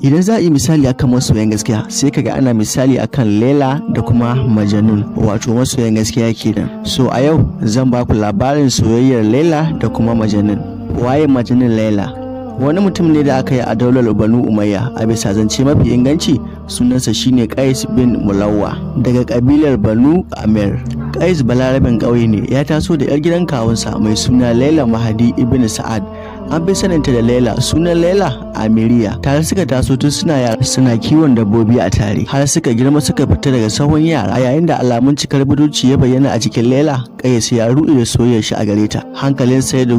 idan za a yi misali akan masoyan gaskiya sai kaga ana misali akan lela da kuma majanun wato masoyan gaskiya kenan so a yau zan baku labarin soyayyar lela da kuma majanun waye majanun lela wani mutum ne da aka yi a daular banu umayya a bisa zance mafi inganci sunansa shine qais bin mulawwa daga kabilar banu amir qais balarabin ƙauye ne ya taso da yar gidan kawunsa mai suna laila mahadi ibn sa'ad an fi saninta da laila sunan laila Amiriya tare suka taso tun suna yara suna kiwon dabbobi a tare har suka girma suka fita daga sahun yara a yayin da alamun cikar budurci ya bayyana a cikin Laila kayyasa ya ruɗe da soyayyar shi a gare ta hankalin sai da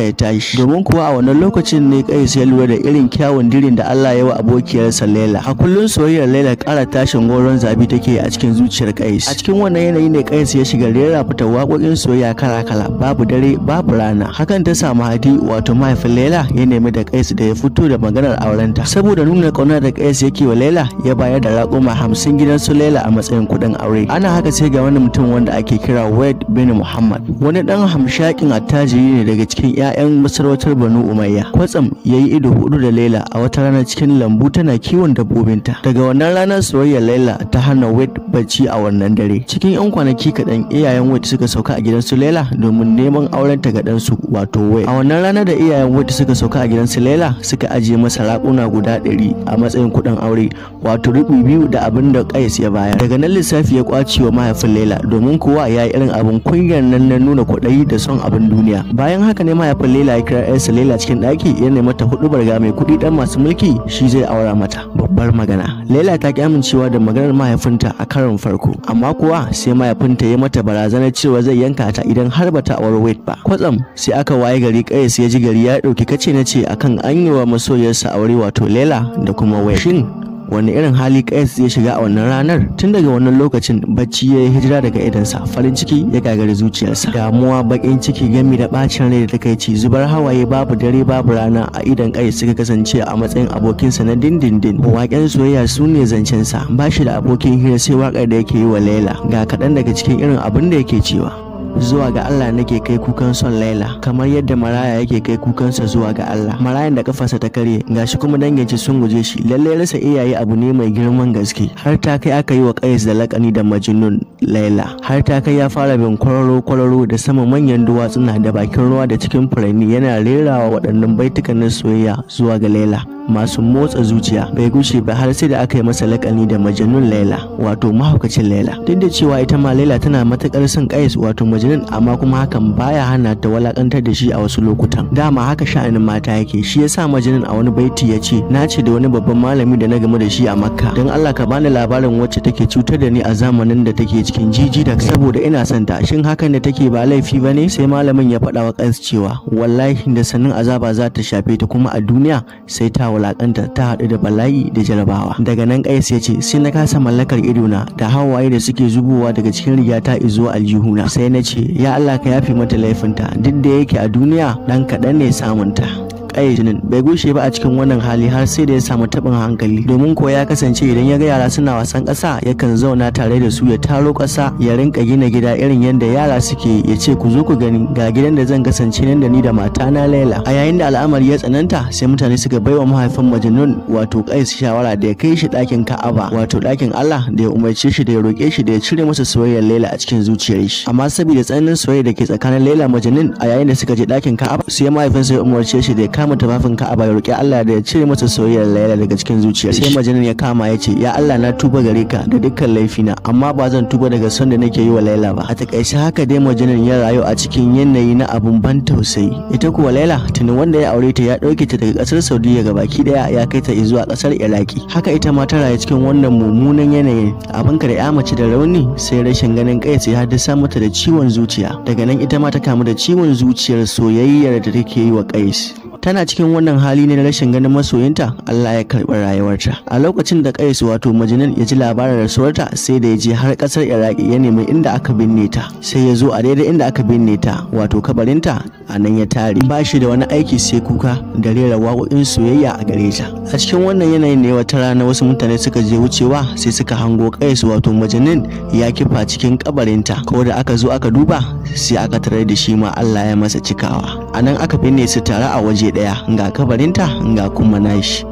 ya tashi domin kuwa a wannan lokacin ne kayyasa ya lura da irin kyawun dirin da Allah ya wa abokiyarsa Laila a kullun soyayyar Laila kara tashin goron zabi take a cikin zuciyar kai a cikin wannan yanayi ne Kais ya shiga rera fita waƙoƙin soyayya kala kala babu dare babu rana hakan ta samu Hadi wato mahaifin Laila ya nemi da Kais da ya fito da maganar aurenta saboda nuna kauna da kais yake wa laila ya bayar da raƙuma hamsin gidan su laila a matsayin kuɗin aure ana haka sai ga wani mutum wanda ake kira wade bin muhammad wani dan hamshakin attajiri ne daga cikin 'ya'yan masarautar banu umayya kwatsam yayi ido hudu da laila a wata rana cikin lambu tana kiwon dabbobinta daga wannan ranar soyayyar laila ta hana wade bacci a wannan dare cikin 'yan kwanaki kaɗan iyayen wade suka sauka a gidan su laila domin neman aurenta ga ɗansu wato wade a wannan ranar da iyayen wade suka sauka a gidan su laila suka aji je masa raƙuna guda ɗari a matsayin kuɗin aure wato rubi biyu da abin da Kais ya bayar. Daga nan lissafi ya ƙwace wa mahaifin Laila domin kuwa ya yi irin abin kunyar nan na nuna kuɗai da son abin duniya. Bayan haka ne mahaifin Laila ya kira ƴarsa Laila cikin ɗaki ya nemi ta huɗu barga mai kuɗi ɗan masu mulki shi zai aura mata. Babbar magana. Laila ta ki amincewa da maganar mahaifinta a karon farko amma kuwa sai mahaifinta ya mata barazanar cewa zai yanka ta idan har bata aure wait ba. Kwatsam sai aka waye gari Kais ya ji gari ya ɗauki kace na ce akan an yi wa maso a aure wato Lela da kuma Waya. Shin wani irin hali Qais zai shiga a wannan ranar? Tun daga wannan lokacin bacci ya yi hijira daga idansa, farin ciki ya gagari zuciyarsa. Damuwa, bakin ciki, gami da bacin rai da ci zubar hawaye babu dare babu rana a idan kai suka kasance a matsayin abokinsa na dindindin. Waƙen soyayya su ne zancensa, ba shi da abokin hira sai wakar da yake yi wa Lela. Ga kaɗan daga cikin irin abin da yake cewa. zuwa ga Allah nake kai kukan son Laila kamar yadda maraya yake kai kukansa zuwa ga Allah marayan da kafarsa ta kare gashi kuma ci sun guje shi lalle rasa iyaye abu ne mai girman gaske har ta kai aka yi wa Qais da lakani da Majnun Laila har ta kai ya fara bin kwararo kwararo da sama manyan duwatsuna da bakin ruwa da cikin furanni yana rerawa waɗannan baitukan soyayya zuwa ga Laila masu motsa zuciya bai gushe ba har sai da aka yi masa lakani da majanun laila wato mahaukacin laila duk da cewa ita ma laila tana matukar son kais wato majanun amma kuma hakan baya hana ta walakantar da shi a wasu lokutan dama haka sha'anin mata yake shi yasa majanun a wani baiti ya ce na ce da wani babban malami da na gamu da shi a makka don allah ka bani labarin wacce take cutar da ni a zamanin da take cikin jiji da saboda ina son ta shin hakan da take ba laifi ba ne sai malamin ya faɗa wa cewa wallahi da sanin azaba za ta shafe ta kuma a duniya sai ta wulakanta ta haɗu da bala'i da jarabawa daga nan kais ya ce sai na kasa mallakar idona da hawaye da suke zubowa daga cikin rigata izuwa aljihuna sai na ce ya Allah ka yafe mata laifinta duk da yake a duniya ɗan kaɗan ne samunta kaye jinin bai gushe ba a cikin wannan hali har sai da ya samu tabin hankali domin ko ya kasance idan ya ga yara suna wasan ƙasa yakan zauna tare da su ya taro ƙasa ya rinka gina gida irin yadda yara suke ya ce ku zo ku gani ga gidan da zan kasance nan da ni da mata na Laila a yayin da al'amari ya tsananta sai mutane suka baiwa mahaifin Majnun wato Qais shawara da ya kai shi ɗakin Ka'aba wato ɗakin Allah da ya umarce shi da ya roƙe shi da ya cire masa soyayyar Laila a cikin zuciyar shi amma saboda tsananin soyayya da ke tsakanin Laila Majnun a yayin da suka je ɗakin Ka'aba sai mahaifinsa ya umarce shi da ya samun tufafin Ka'aba ya roki Allah da ya cire masa soyayyar Laila daga cikin zuciyar. sai majinin ya kama ya ce ya Allah na tuba gare ka da dukkan laifina amma ba zan tuba daga son da nake yi wa Laila ba a takaice haka dai majinin ya rayu a cikin yanayi na abun ban tausayi ita kuwa Laila tuni wanda ya aure ta ya dauke ta daga kasar Saudiya ga baki daya ya kai ta zuwa kasar Iraki haka ita ma ta rayu cikin wannan mummunan yanayi abin ka da ya mace da rauni sai rashin ganin kai sai haddasa mata da ciwon zuciya daga nan ita ma ta kamu da ciwon zuciyar soyayyar da take yi wa Kais tana cikin wannan hali ne na rashin ganin masoyinta Allah ya karɓi rayuwarta a lokacin da Qais wato Majnun ya ji labarin rasuwarta sai da ya je har ƙasar Iraki ya nemi inda aka binne ta sai ya zo a daidai inda aka binne ta wato kabarinta a nan ya tare ba shi da wani aiki sai kuka da rera waƙoƙin soyayya a gare ta a cikin wannan yanayin ne wata rana wasu mutane suka je wucewa sai suka hango Qais wato Majnun ya kifa cikin kabarinta ko da aka zo aka duba sai aka tarar da shi ma Allah ya masa cikawa a nan aka binne su tare a waje ɗaya ga kabarinta ga kuma nashi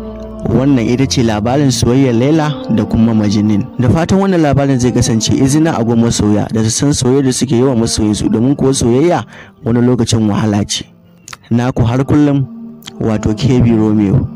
wannan ita ce labarin soyayyar Laila da kuma Majinin. Da fatan wannan labarin zai kasance izina a goma soya da su san soyayya da suke yawa masoyinsu domin kuwa soyayya wani lokacin wahala ce. Naku har kullum wato Kebi Romeo.